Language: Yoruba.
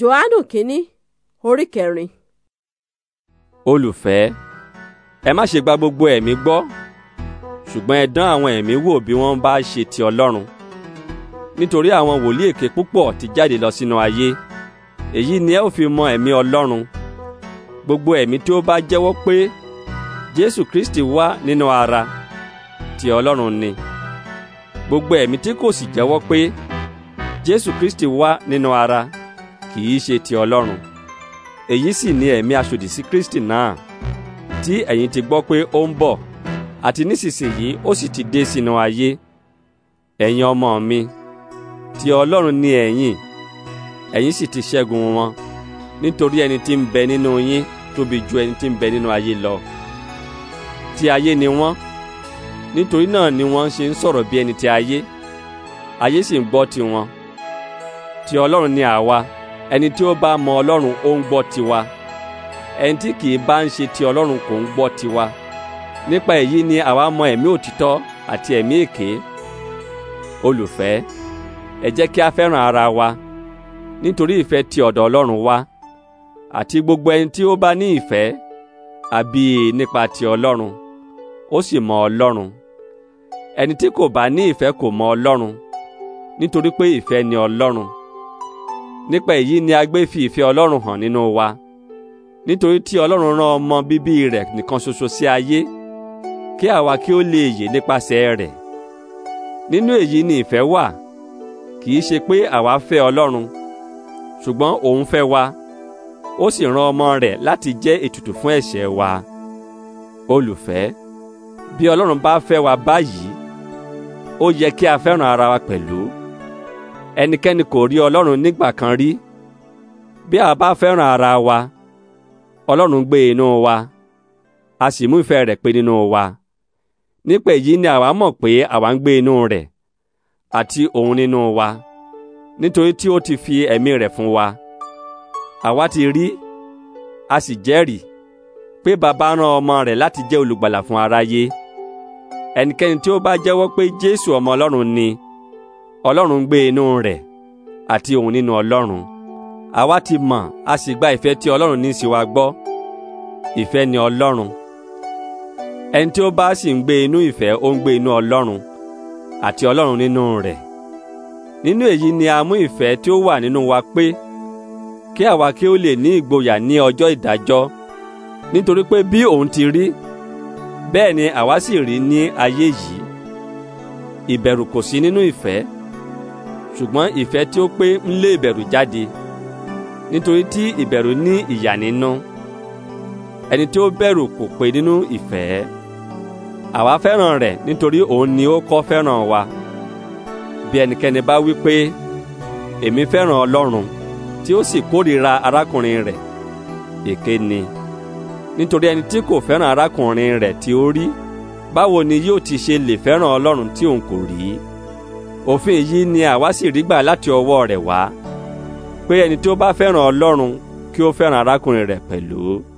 Jòhánù kínní orí kẹrin. olùfẹ́ ẹ má ṣe gba gbogbo ẹ̀mí gbọ́ ṣùgbọ́n ẹ dán àwọn ẹ̀mí wò bí wọ́n bá ṣe ti Ọlọ́run nítorí àwọn wòlíì èké púpọ̀ ti jáde lọ sínú ayé èyí ni ẹ ó fi mọ ẹ̀mí Ọlọ́run gbogbo ẹ̀mí tí bá jẹ́wọ́ pé Jésù Kristi wá nínú ara ti Ọlọ́run ni gbogbo ẹ̀mí tí kò sì jẹ́wọ́ pé Jésù Kristi wá nínú ara ti kì í ṣe ti ọlọ́run èyí sì ni ẹ̀mí aṣòdì sí Kristi náà tí ẹ̀yin ti gbọ́ pé ó ń bọ̀ àti nísinsìnyí ó sì ti dé sínú ayé ẹ̀yin ọmọ mi ti ọlọ́run ni ẹ̀yin ẹ̀yin sì ti ṣẹ́gun wọn nítorí ẹni tí ń bẹ nínú yín tóbi ju ẹni tí ń bẹ nínú ayé lọ ti ayé ni wọ́n nítorí náà ni wọ́n ṣe ń sọ̀rọ̀ bí ẹni ti ayé ayé sì ń gbọ́ tiwọn ti ọlọ́run ni àwa ẹni tí ó bá mọ ọlọ́run ó ń gbọ́ tiwa ẹni tí kì í bá ń ṣe ti ọlọ́run kò ń gbọ́ tiwa nípa èyí ni àwa mọ ẹ̀mí òtítọ́ àti ẹ̀mí èké olùfẹ́ ẹ jẹ́ kí a fẹ́ràn ara wa nítorí ìfẹ́ ti ọ̀dọ̀ ọlọ́run wá àti gbogbo ẹni tí ó bá ní ìfẹ́ àbí nípa ti ọlọ́run ó sì mọ ọlọ́run ẹni tí kò bá ní ìfẹ́ kò mọ ọlọ́run nítorí pé ìfẹ́ ni ọlọ́run nípa èyí ni a gbé fi ìfẹ́ Ọlọ́run hàn nínú wa nítorí tí Ọlọ́run rán ọmọ bíbí rẹ̀ nìkan ṣoṣo sí ayé kí àwa kí ó lè yè nípasẹ̀ rẹ̀ nínú èyí ni ìfẹ́ wà kì í ṣe pé àwa fẹ́ Ọlọ́run ṣùgbọ́n òun fẹ́ wa ó sì rán ọmọ rẹ̀ láti jẹ́ ètùtù fún ẹ̀ṣẹ̀ wa olùfẹ́ bí Ọlọ́run bá fẹ́ wa báyìí ó yẹ kí a fẹ́ràn ara wa pẹ̀lú ẹnikẹ́ni kò rí ọlọ́run nígbà kan rí bí a bá fẹ́ràn ara wa ọlọ́run gbé inú wa a sì mú ìfẹ́ rẹ̀ pé nínú wa nípa èyí ni àwa mọ̀ pé àwa ń gbé inú rẹ̀ àti òun nínú wa nítorí tí ó ti fi ẹ̀mí rẹ̀ fún wa àwa ti rí a sì jẹ́rìí pé bàbá rán ọmọ rẹ̀ láti jẹ́ olùgbàlà fún aráyé ẹnikẹ́ni tí ó bá jẹ́wọ́ pé Jésù ọmọ ọlọ́run ni ọlọ́run gbé inú rẹ̀ àti òun nínú ọlọ́run àwa ti mọ̀ a sì gba ìfẹ́ tí ọlọ́run ní sí wa gbọ́ ìfẹ́ ni ọlọ́run ẹni tí ó bá sì ń gbé inú ìfẹ́ ó ń gbé inú ọlọ́run àti ọlọ́run nínú rẹ̀ nínú èyí ni a mú ìfẹ́ tí ó wà nínú wa pé kí àwa kí ó lè ní ìgboyà ní ọjọ́ ìdájọ́ nítorí pé bí òun ti rí bẹ́ẹ̀ ni àwa sì rí ní ayé yìí ìbẹ̀rù kò sí nínú ìfẹ́ ṣùgbọ́n ìfẹ́ tí ó pé ń lé ìbẹ̀rù jáde nítorí tí ìbẹ̀rù ní ìyà nínú ẹni tí ó bẹ̀rù kò pé nínú ìfẹ́ àwa fẹ́ràn rẹ̀ nítorí òun ni ó kọ́ fẹ́ràn wa bí ẹnikẹ́ni bá wí pé èmi fẹ́ràn Ọlọ́run tí ó sì kórìíra arákùnrin rẹ̀ èké ni nítorí ẹni tí kò fẹ́ràn arákùnrin rẹ̀ tí ó rí báwo ni yóò ti ṣe lè fẹ́ràn Ọlọ́run tí òun kò rí i òfin yìí ni àwa sì rí gbà láti ọwọ́ rẹ̀ wá pé ẹni tí ó bá fẹ́ràn Ọlọ́run kí ó fẹ́ràn arákùnrin rẹ̀ pẹ̀lú.